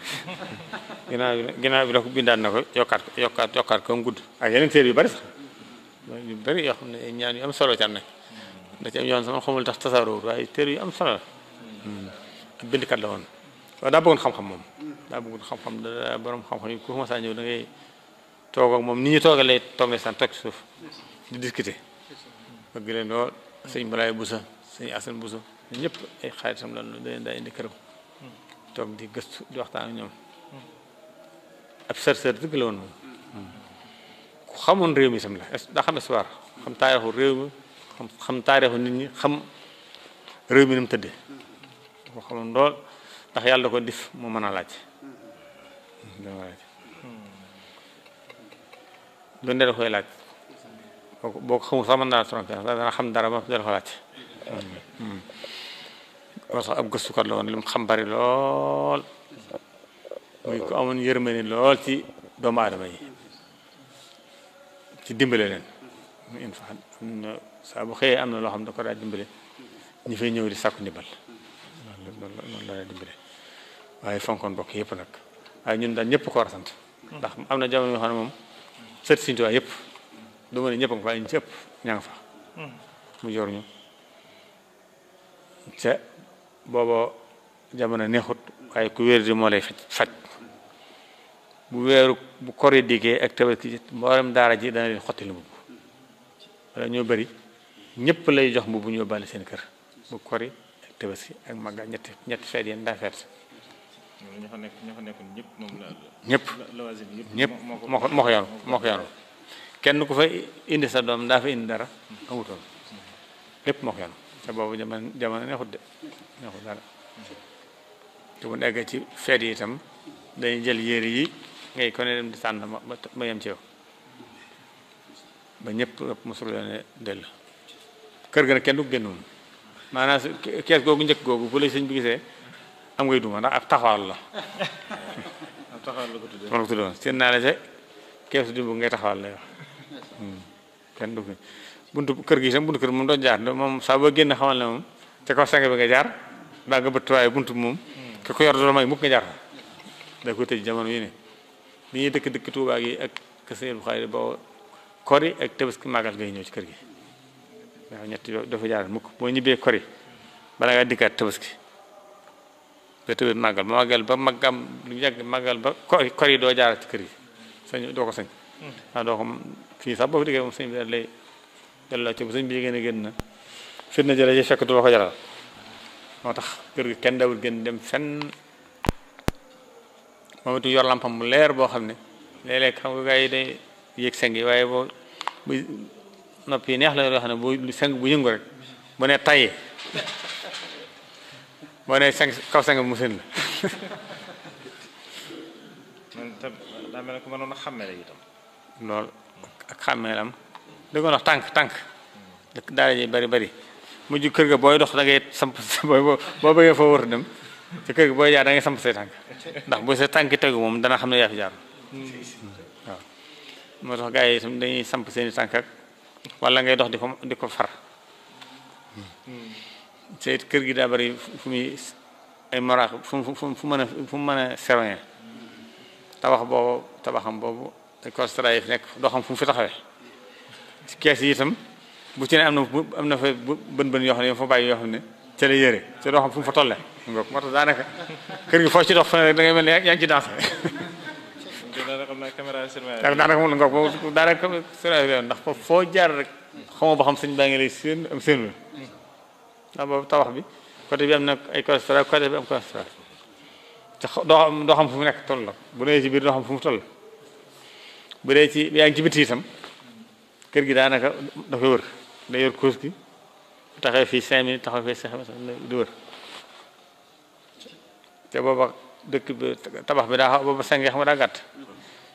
(laughs) ginnaaw bi ginnaaw bi da ko bindaat na ko yokkaat yokkaat yokkaat ko gudd ak yeneen téere yu bari sax yu bari yoo xam ne ñaan yu am solo ci am nag da ci am yoon sama xamul tax tasaaroo waaye téere yu am solo la hmm. ab bindkat la woon waaw daa bëggoon xam-xam moom daa bëggoon xam-xam da borom xam-xam yi ku ma saa ñëw da ngay toog ak moom ni ñu toogee lay toog ne san toog suuf di discuter bëgg leen lool sëñ Balaay Busa sëñ Asan Busa ñëpp ay xaaritam lan lu daleen daa di gëstu di waxtaan ak ñoom ab sër sër ku xamoon réew mi sam la daa xam histoire xam taarixu réew mi xam xam nit ñi xam réew mi ni mu tëddee ko xamoon lool ndax yàlla ko def mu mën a laaj hmm. lu ne da koy laaj boo ko xamul sax mën naa trompé ndax dana xam dara ba dana ko laaj war hmm. sax ab gëstukat la woon li mu xam bari lool muy ko amoon yërmande lool ci doomu aadama yi ci dimbale leen mu in saa bu xëyee am na loo xam da ko daa dimbale ñi fay ñëw di sàkku ndimbal noonu waaye fonkoon bokk yëpp nag waaye ñun daal ñëpp ko war a sant ndax am na jamono yoo xam ne moom sët Sëriñ Tuubaa yëpp du ma ne ñëpp nga fa ñu ña nga mu yor ñu ca booba jamono neexut waaye ku wér di moo lay faj faj bu weeru bu kori dikkee ak tabaski mboolem daara ji dana leen xotti lu mbubb wala ñoo bëri ñëpp lay jox mbubb ñoo bàyyi seen kër bu kori ak tabaski ak magga ñetti ñetti feet yéen daa feet ñoo fa nekk ñoo fa nekkoon ñëpp moom ñëpp ñëpp moo ko moo ko yoroon moo ko yoroon kenn ku fa indi sa doom daa fa indi dara amutoon lépp moo ko yoroon te boobu jamono jamono neexut ci feet yi itam dañuy jël yére yi ngay ko dem di tànn ba ba yem ci yow ba ñëpp ëpp mosul yoone dell kër ga nag kenn du génn moom kees googu njëkk googu bu la sëñ bi am ngay duma ndax ab taxawal la. (laughs) ab taxawal la ko tuddee ma la ko tuddee seen naa la ca ngay taxawal la yow (laughs) hmm. kenn du fi buntu kër gi sax bu kër moom doon jaar moom saa génn xamal ne moom ca kaw sànq bi nga jaar baa nga bëtt waaye buntu moom. Hmm. ke ko yor doon may mukk nga jaar fa ko tëj jamono yi ne dëkk dëkk Tuubaa gi ak kese bu xaay boo màggal ngay ñëw ci kër gi waaw ñett dafa jaar mukk boo ñibbee kori bala ngaa dikkaat tabaski ba tëbët màggal ba màggal ba màggam lu yàgg màggal ba kori kori doo jaar ci kër yi sañ doo ko sañ hmm. waaw doo ko fii sax boo ko diggee moom sëñ bi daal lay delloo génn na firnde jële ji la ko jaral moo tax kër gi dawul génn dem fenn moom itam yor lampam bu leer boo xam ne léeg-léeg xam yi day yëg seng yi waaye boo bu yi neex la yoo xam ne bu seng bu yëngu rek bu ne tayee boo nee sang kaw sanga mu seen la (laughs) man tam daa mel ne ku ma doon xàmmee itam loolu ak ko wax tànk tànk daara yi bari bari mujj kër gi booy dox da ngay samp (laughs) boo boo bëggee foo wër dem te kër ga booy jaar da ngay samp say tànk ndax boo sa tànk tegu moom dana xam ne yaa fi jaar hmm. Hmm. waaw moo tax gars yi itam samp seeni tànk ak wala ngay dox di ko di ko far hmm. te kër gi daa bari fu muy ay maraax fu mu fu mën a fu mën a seroñe tabax boobu tabaxam boobu ay constat yi fi nekk doo xam fu mu fi taxawee kees yi itam bu ci ne am na am na fa bën bën yoo xam ne yoo fa bàyyi yoo xam ne ca la yére te doo xam fu mu fa tolle moo tax daanaka kër gi foo ci dox fa rek da ngay mel ne yaa ngi ci dansé daanaka moom la ngoog daanaka caméra ndax foo jaar rek xamoo ba xam sëñ baa ngi lay séen am séenul ndax ah, boobu tabax bi côté bi am na ay cholestérol côté bi am cholestérol te doo xam doo xam fu mu nekk toll la bu dee ci biir doo xam fu mu toll bu dee ci yaa ngi ci biti itam kër gi daanaka da koy wër gi taxaw fii cinq minutes taxaw fii cinq di wër booba dëkk bi tabax bi daa booba seng xam nga daa gàtt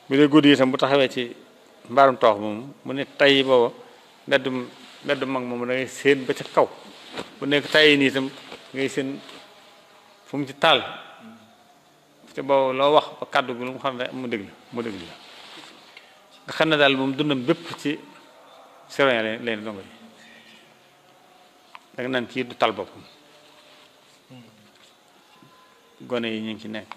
bu dee bu taxawee ci mbaarum toox moomu mu ne tay booba mbeddum mbeddum mag moom da ngay séen ba ca kaw bu nekk tàyyi nii itam ngay seen fu mu ci taal te boobu loo wax ba kàddu gi lu mu xam ne mu déglu mu déglu xam ne daal moom dundam bépp ci sëriñ la leen dongo yi da nga naan kii du tal boppam gone yi ñu ngi ci nekk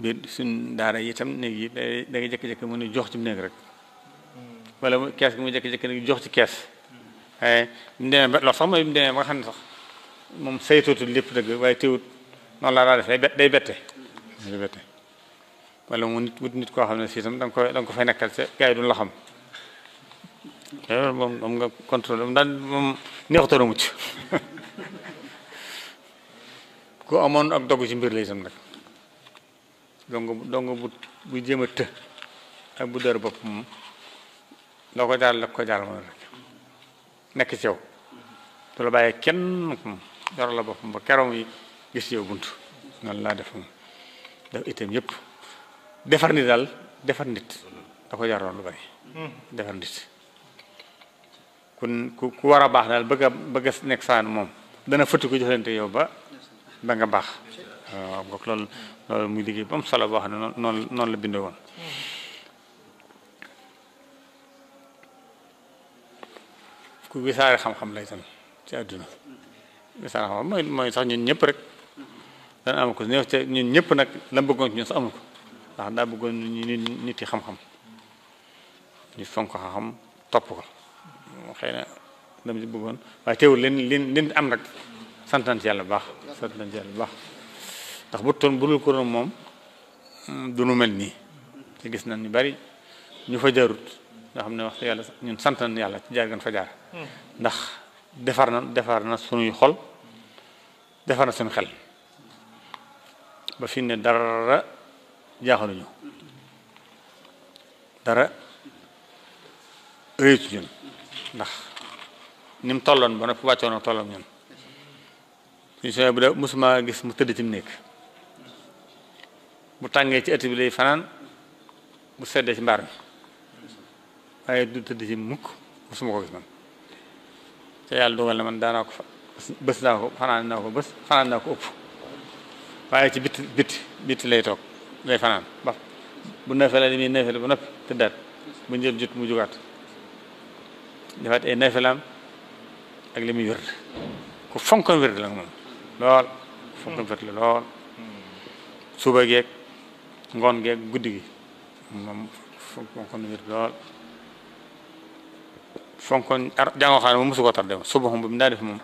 biir suñ daara yi itam néeg yi da ngay jékki mu ne jox ci mu nekk rek wala kees gi mu jékki-jékki ne jox ci kees waaye bi mu demee sax mooy bi mu demee ba nga xam ne sax moom saytootul lépp dëgg waaye teewut noonu laa daa def day bette day mu nit wut nit koo xam ne si itam da ko fa nekkal sa gars yi duñ la xam eh, loolu moom moom nga contrôle moom daal moom neexutoon a mucc (laughs) ku amoon ak dogg ci mbir la itam nag dong dong bu bu jéem a të ak bu dër bopp moom loo ko jaarale ko jaarale moom nekk ci yow du la bàyyee kenn nag moom yor la boppam ba keroog yi gis yow bunt noonu laa def moom def itam yëpp defar nit daal defar nit da ko jaroon war a baax daal bëgg a nekk saan moom dana fëtti ko joxlante yow ba ba nga baax waaw loolu loolu muy liggéey ba am solo boo xam ne la bindoo woon ku wisaare xam-xam lay tam ci àdduna wisaare xam-xam mooy mooy sax ñun ñëpp rek dana am ko néew te ñun bëggoon ci ñun sax amul ko ndax daa bëggoon ñu nit yi xam ñu fonk ko xam xëy na dama ci bëggoon waaye teewul leen leen leen am nag sant nañ ci yàlla bu baax sant yàlla bu baax ndax bu toon bu dul ko moom mm, du nu mel nii te gis nañ ñu bari ñu fa jarut nga xam ne wax yàlla ñun sant nañ yàlla ci jaar gën fa ndax defar na defar na suñuy xol defar na suñu xel ba fi ne dara jaaxaluñu dara réytu ñun ndax ni mu tolloon ba noppi wàccoon ak tolloon ñun suñu sooy bu da mosuma gis mu tëdd ci mu nekk bu tàngee ci ëtt bi lay fanaan bu seddee ci mbaar mi waaye du tëdd ci mukk musuma ko gis man te yàlla dogal na man daanaa ko fa naa ko fanaan naa ko bés fanaan naa ko ëpp waaye ci bitti bitti bitti lay toog lay fanaan ba bu nafila li muy nafila ba noppi tëddaat bu njël jot mu jugaat defaat ay nafilaam ak li muy wér ku fonkoon wér la nga moom lool ku fonkoon wér ngoon geeg guddi gi moom fonkoon wér lool fonkoon jàngoo xaar moom mosu ko tardé moom suba moom bi mu daa def moom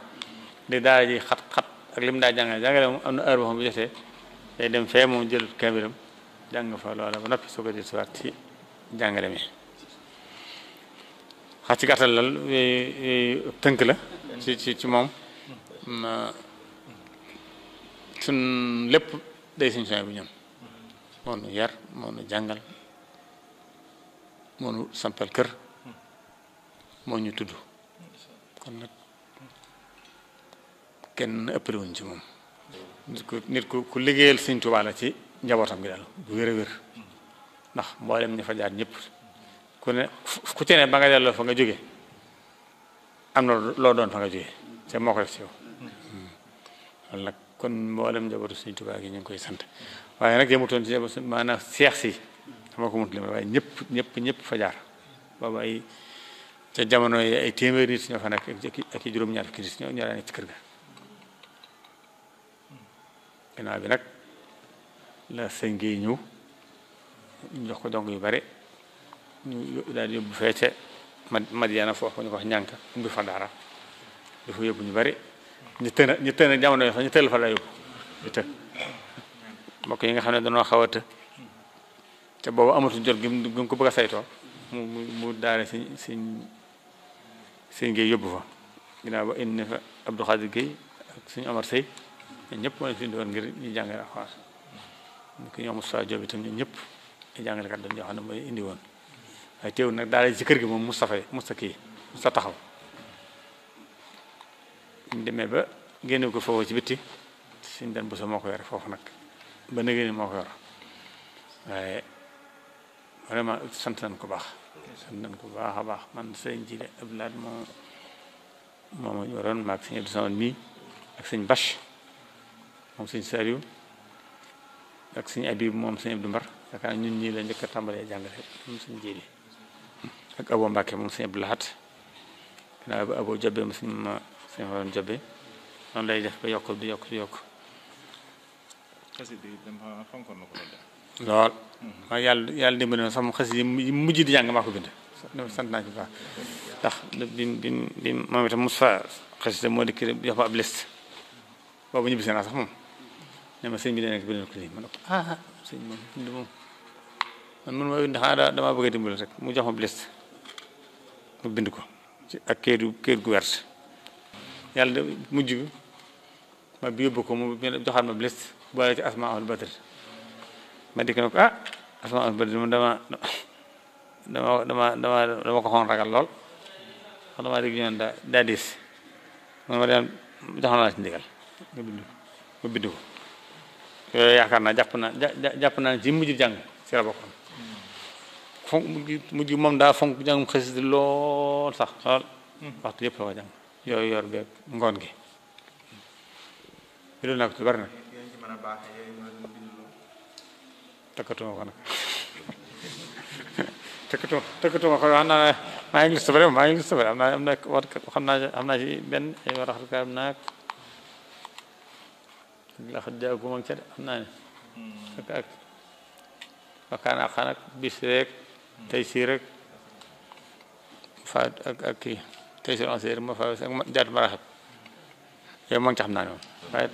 di daara ji xat-xat ak li mu daa jàngale jàngale moom am na heure boo xam bu day dem fee moom jël kabiram jàng fa ba noppi soo jël si waat ci jàngale mi xax eh, eh, la ci ci ci moom suñ lépp day suñ soñ bu ñun moo nu yar moo nu jàngal moo sampal kër moo ñu tudd kon nag kenn ëppalewuñ ci moom nit ku nit ku ku liggéeyal Sëñ Tuubaa la ci njabootam gi daal bu wér a wér ndax mboolem ña fa jaar ku ne ku ci ne ba nga delloo fa nga jóge am na loo doon fa nga jóge te moo ko def ci yow walla nag kon mboolem njabootu Sëñ Tuubaa gi ñu ngi koy sant waaye nag yemutoon ci njabootu maanaam seex si dama ko mënut lim waaye ñëpp ñëpp ñëpp fa jaar ay ca jamono yi ay téeméeri nit ñoo fa nekk ak i juróom-ñaar fukki nit ñoo ñaaree nekk kër ga ginnaaw bi nag la sëñ gi ñëw ñu jox ko dong yu bare ñu daal di yóbbu feece Madiana foofu ñu ko wax ñànk ubbi fa daara dafa yóbbu ñu bari ñu tën ñu tën jamono yi sax ñu të mbokk yi nga xam ne dañoo xaw a të te boobu amatu jot gi mu ko bëgg a saytoo mu mu daara si si sëñ Gueye yóbbu fa ginnaaw ba indi fa Abdou Khadir Gueye ak suñu Amar Sey ñëpp moo leen fi ngir ñu jàngale alxuraan ñu ko ñoom Moustapha ñëpp ñu jàngalekat ne mooy indi woon waaye teewul nag daal ci kër gi moom Moustapha Moustapha kii Moustapha taxaw ñu demee ba génne ko foofu ci bitti suñ den bosa moo ko yore foofu nag ba nëgee ni moo ko yor waaye vraiment sant nañ ko baax sant nañ ko baax a baax man sëñ Jili Abdoulaye moo moo ma yoroon maag sëñ Abdou Samad mi ak sëñ Bache moom sëñ Saliou ak sëñ Abib moom sëñ du Mbar yaakaar ñun ñii la njëkk a tàmbalee jàngale moom sëñ Jili ak Abo Mbacke moom sëñ Abdou Lahat ginnaaw ba Abo Jabe ma sëñ ma sëñ waroon Jabe noonu lay def ba yokk di yokk di yokk. lool waaye yàlla yàlla dimbali na sama xas yi mujj di jàng maa ko bind sant naa ci baax ndax bi moom itam moo dikk jox ma ab liste boobu ñibbisi naa sax moom ko ah, ah, bindal ko man man ma bind xanaa damaa bëgg a dimbali rek mu jox ma ab liste bind ko ak kayit gu wert yàlla mujj ma bi yóbbu ko mu joxaat ma ab liste boole ci asmaa al badri ma dikk ne ko ah sama bët dama dama dama dama dama ragal lool wax dama dégg ñoon da daa diis man ma dem jox la ci ndigal nga bind ko nga bind ko yooyu yaakaar naa jàpp naa jàpp naa ne ci mujj jàng si la bokkoon fonk moom daa fonk jàngum xasida lool sax lool waxtu yëpp la ko jàng yooyu yor beeg ngoon gi. yëpp nag lu bari nag. takkatuma ko nag maa ngi liste maa ngi liste bari am na war xam naa xam naa ci benn ay war axat kaam naag laxat jaagu ma ca de xam naa ne ak xanak bis rek anseer ma faa jaat ma raxat yow ca xam naa ne moom waaye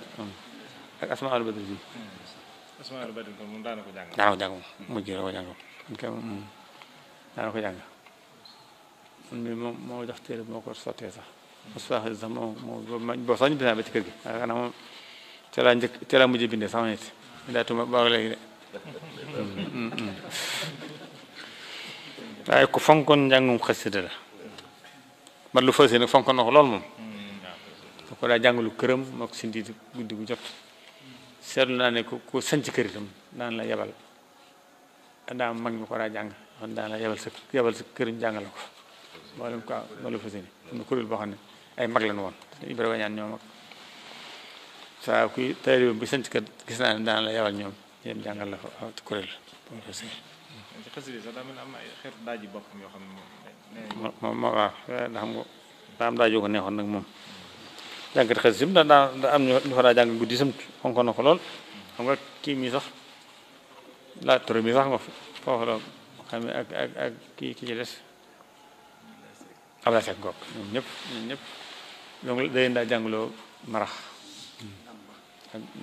ak asmaa al badri Ismaïl Badin kon moom daana ko jàng. daana moom mujj la ko jàng moom daana jàng moom moo jox téere moo ko sottee sax moo moo boo sax ah, bindee sax ma nit daa tuma baaw de (laughs) waaye ku fonkoon njàngum xasida la man nag fonkoon na lool moom da mm, ko daa jàngalu këram moo ko sindi guddi gu jot seetlu naa ne ku ku sanc kër itam daan la yebal daa mag ñu ko daa jàng xam daan la yebal sa yebal sa ñu jàngale ko mboolem ko loolu fas yéene am na kuréel boo xam ne ay mag lañ woon Ibrahima ñaan ñoom ak saa kuy gis naa ne daan la yebal ñoom ñoom jàngal la fa kuréel loolu fas yéene moom waaw daa xam nga daa daajoo ko neexoon nag moom jàngat xas sim da jàng ko lool xam nga kii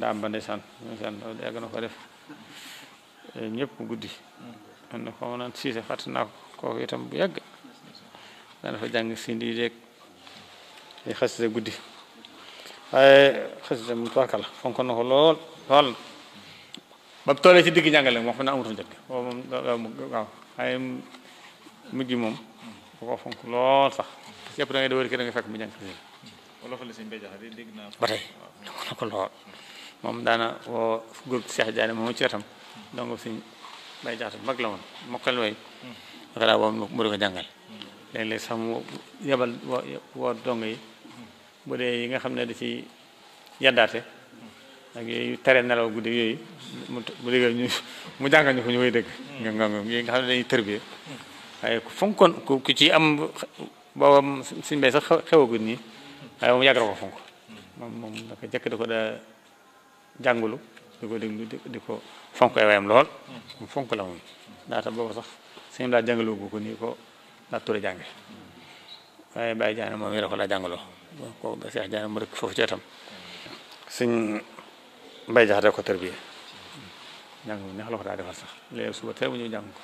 mi ko def ñëpp guddi man na ko ma naan siise fàtt naa ko kooku itam bu yàgg daana fa jàng sindi deeg xas sa guddi waaye xasida moom tubarkàlla fonkoon na ko lool lool ba toolee ci digg njàngale wax fa na amatuñ jot waaw moom waaw waaye mujj moom bu ko fonk lool sax yëpp da ngay da wër ki da nga fekk mu jàng ba tey lool moom daana woo góor Cheikh Diané moom ci wetam donc suñ bay jaxte mag la woon mokkal way waxe laa boo mu di ko jàngal léeg-léeg sax mu yebal woo woo yi bu dee yi nga xam ne da ci yaddaate ak yooyu tere nelaw guddi yooyu mu dégg ñu mu jàngal ñu ko ñu koy dégg mm. nga nga yi nga xam ne dañuy tërbie waaye ku fonkoon ku ci am boobam suñ bay sax xewagul nii waaye moom yàgg na ko fonk moom moom dafa jëkk da ko daa jàngulu di ko déglu ko fonk ay waayam lool mu fonk la moom sax suñu laa jàngaloo ko nii ko daa tura jànge waaye bàyyi jaane moom yi la ko daa jàngaloo kooku ba Cheikh Diagne mu rëkk foofu ci atam. suñ mbay jaxate ko tërbiye jàng bu neex la ko daa defal sax léegi suba teel bu ñuy jàng ko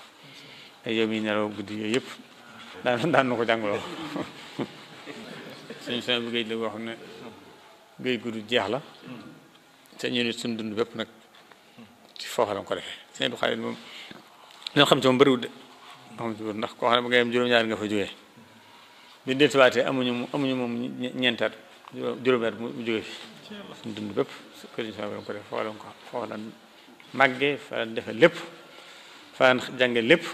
ay yow miy nelaw guddi yooyu yëpp daan daan na ko jàngaloo suñ soo bu géej la boo xam ne géej gu jeex la te ñu ne suñ dund bépp nag ci foofa ko defee seen du xaalis moom li xam ci moom bëriwul de nga xam ci ndax koo xam ne ba ngay juróom-ñaar nga fa jógee bi dellusiwaatee amuñu amuñu moom ñeenti at juróomi at mu jóge fi suñu dund bépp sëriñ Tuubaa lañ ko def foofu fa lañ defe lépp fa lañ jànge lépp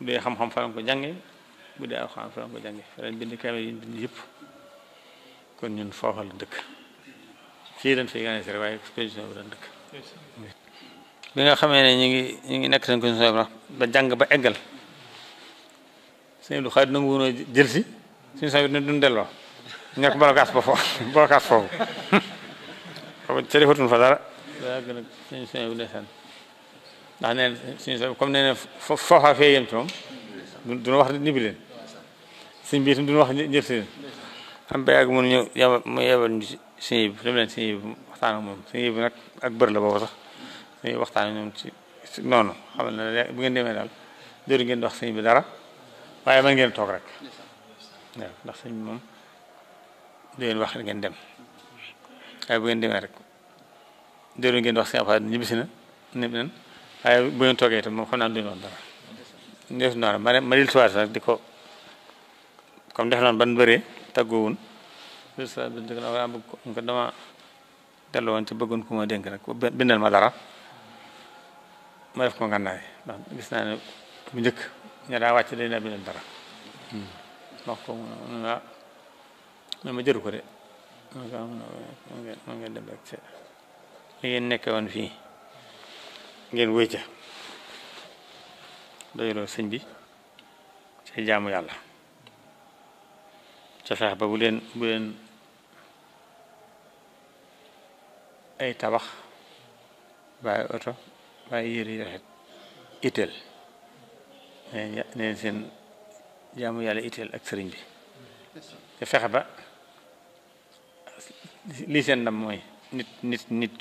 bu dee xam-xam fa lañ ko jànge bu dee alxuraan fa lañ ko jànge fa lañ bind kaamil yi ñu bind yëpp kon ñun foofa lañ dëkk fii dañ fi gane sere waaye sëriñ Tuubaa bi lañ dëkk bi nga xamee ne ñu ngi ñu ngi nekk seen ko ba jàng ba eggal sëñ Abdou Khadre nangu si suñu sawit ne duñ delloo nekk bolokaas ba foofu bolokaas foofu (laughs) ca defatun fa dara yàgg nag suñu wax ñibbi leen suñ bi itam wax jël si leen am ba mun ñu yebal mu yebal ñu suñu dem leen suñu yib waxtaan ak moom suñu yib nag ak bër la boobu sax suñu waxtaan ak ñoom ci noonu xam ne bu ngeen demee daal jëru ngeen wax suñu bi dara waaye ma ngeen toog rek waaw ndax sëñ moom du wax ngeen dem waaye bu ngeen demee rek déedéet ngeen wax seen affaire ñibbisi na ñibbi nañ waaye bu ngeen toogee itam naa ne du wax dara. ma ne di ko comme def ban bëree tàggoowun sa bi dëgg naa bëgg ko ko dama ci bëggoon ku ma dénk rek bindal ma dara ma ko gis naa ne bu njëkk ña daa wàcc dañ daa bindal dara hmm. wax ko mu ne ma jëru ko de ma ngeen dem nekke woon fii ngeen wéy ca sëñ bi ci jaamu yàlla ca ba bu leen bu leen ay tabax bàyyi oto bàyyi yëri rafet itteel nee neen seen jaamu yàlla itteel ak sëriñ bi te fexe ba lii seen ndam mooy nit nit nit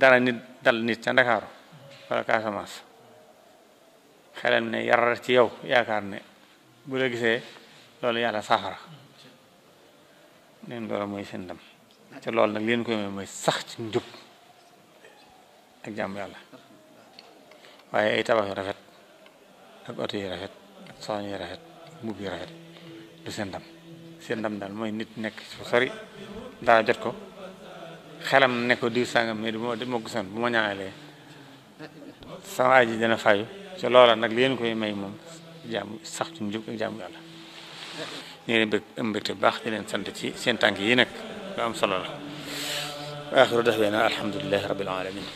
dara nit dal nit ca Ndakaaru wala Casamance xelam ne yarar ci yow yaakaar ne bu la gisee loolu yàlla saafara neen loolu mooy seen ndam te loolu nag leen koy mooy sax ci njub ak jàmm yàlla waaye ay tabax yu rafet ak oto yi rafet ak soxna yi rafet ak mbubb yi rafet du seen ndam seen ndam daal mooy nit nekk fu sori dara jot ko xelam ne ko diw sàngam moo du ma du ma gisoon bu ma ñaanalee sama aji dana fayu ci loola nag leen koy may moom jàmm sax ci njub ak jàmm yàlla ñu ngi bëgg am bu baax di leen sant ci seen tànk yi nag lu am solo la def da'waanaa alhamdulillahi rabbil aalamiin